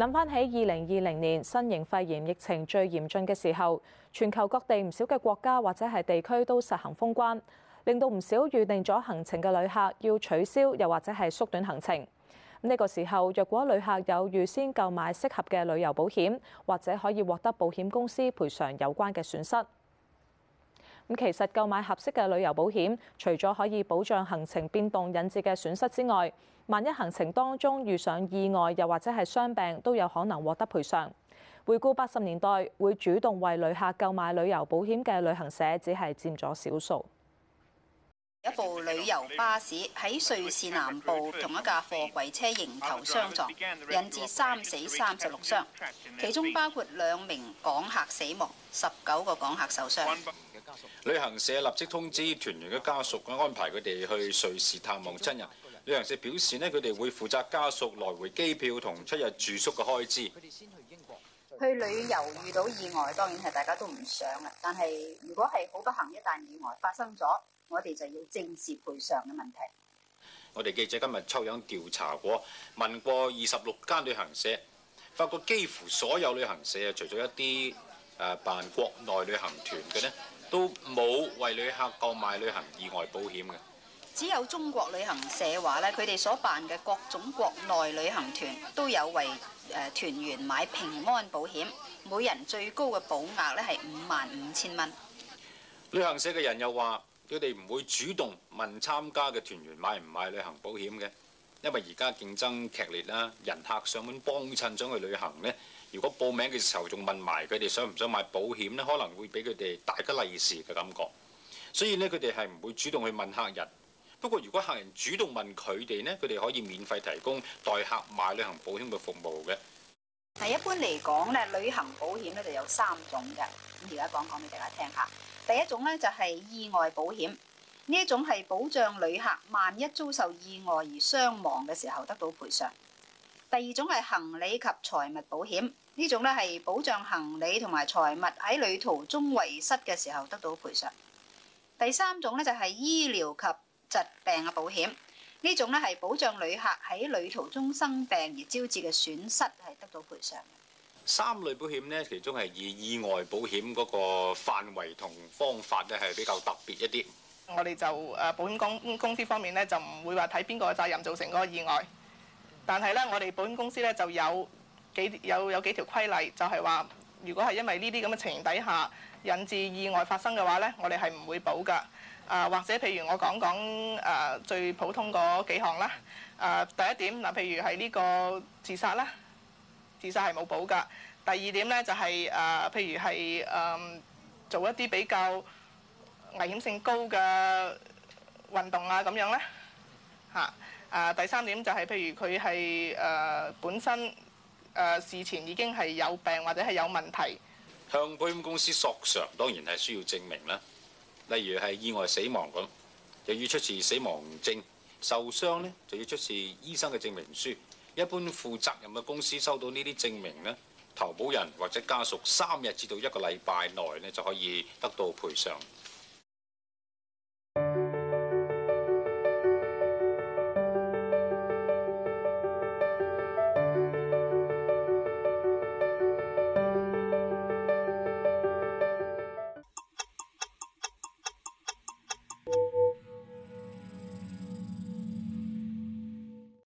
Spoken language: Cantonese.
諗翻起二零二零年新型肺炎疫情最嚴峻嘅時候，全球各地唔少嘅國家或者係地區都實行封關，令到唔少預定咗行程嘅旅客要取消又或者係縮短行程。呢個時候，若果旅客有預先購買適合嘅旅遊保險，或者可以獲得保險公司賠償有關嘅損失。咁其實購買合適嘅旅遊保險，除咗可以保障行程變動引致嘅損失之外，萬一行程當中遇上意外，又或者係傷病，都有可能獲得賠償。回顧八十年代，會主動為旅客購買旅遊保險嘅旅行社，只係佔咗少數。一部旅遊巴士喺瑞士南部同一架貨櫃車迎頭相撞，引致三死三十六傷，其中包括兩名港客死亡，十九個港客受傷。旅行社立即通知團員嘅家屬，安排佢哋去瑞士探望親人。旅行社表示呢，佢哋會負責家屬來回機票同出入住宿嘅開支。去旅遊遇到意外，當然係大家都唔想嘅。但係如果係好不幸，一旦意外發生咗，我哋就要正視賠償嘅問題。我哋記者今日抽樣調查過，問過二十六間旅行社，發覺幾乎所有旅行社啊，除咗一啲誒辦國內旅行團嘅呢。都冇為旅客購買旅行意外保險嘅，只有中國旅行社話咧，佢哋所辦嘅各種國內旅行團都有為誒團員買平安保險，每人最高嘅保額咧係五萬五千蚊。旅行社嘅人又話，佢哋唔會主動問參加嘅團員買唔買旅行保險嘅。因為而家競爭劇烈啦，人客上門幫襯咗去旅行咧，如果報名嘅時候仲問埋佢哋想唔想買保險咧，可能會俾佢哋大吉利是嘅感覺。所以咧，佢哋係唔會主動去問客人。不過如果客人主動問佢哋咧，佢哋可以免費提供代客買旅行保險嘅服務嘅。嗱，一般嚟講咧，旅行保險咧就有三種嘅，咁而家講講俾大家聽下。第一種咧就係意外保險。呢種係保障旅客萬一遭受意外而傷亡嘅時候得到賠償。第二種係行李及財物保險，呢種咧係保障行李同埋財物喺旅途中遺失嘅時候得到賠償。第三種咧就係醫療及疾病嘅保險，呢種咧係保障旅客喺旅途中生病而招致嘅損失係得到賠償嘅。三類保險咧，其中係以意外保險嗰個範圍同方法咧係比較特別一啲。我哋就誒保險公公司方面呢，就唔會話睇邊個責任造成嗰個意外。但係呢，我哋保險公司呢，就有幾有有幾條規例，就係話如果係因為呢啲咁嘅情形底下引致意外發生嘅話呢，我哋係唔會保㗎。啊，或者譬如我講講誒最普通嗰幾項啦。啊，第一點嗱，譬如係呢個自殺啦，自殺係冇保㗎。第二點呢，就係誒，譬如係誒做一啲比較危險性高嘅運動啊，咁樣咧吓啊，第三點就係、係、譬如佢係、呃、本身、呃、事前已經係有病或者係有問題。向保險公司索償當然係需要證明啦。例如係意外死亡咁，又要出示死亡證；受傷呢，就要出示醫生嘅證明書。一般負責任嘅公司收到呢啲證明呢，投保人或者家屬三日至到一個禮拜內呢就可以得到賠償。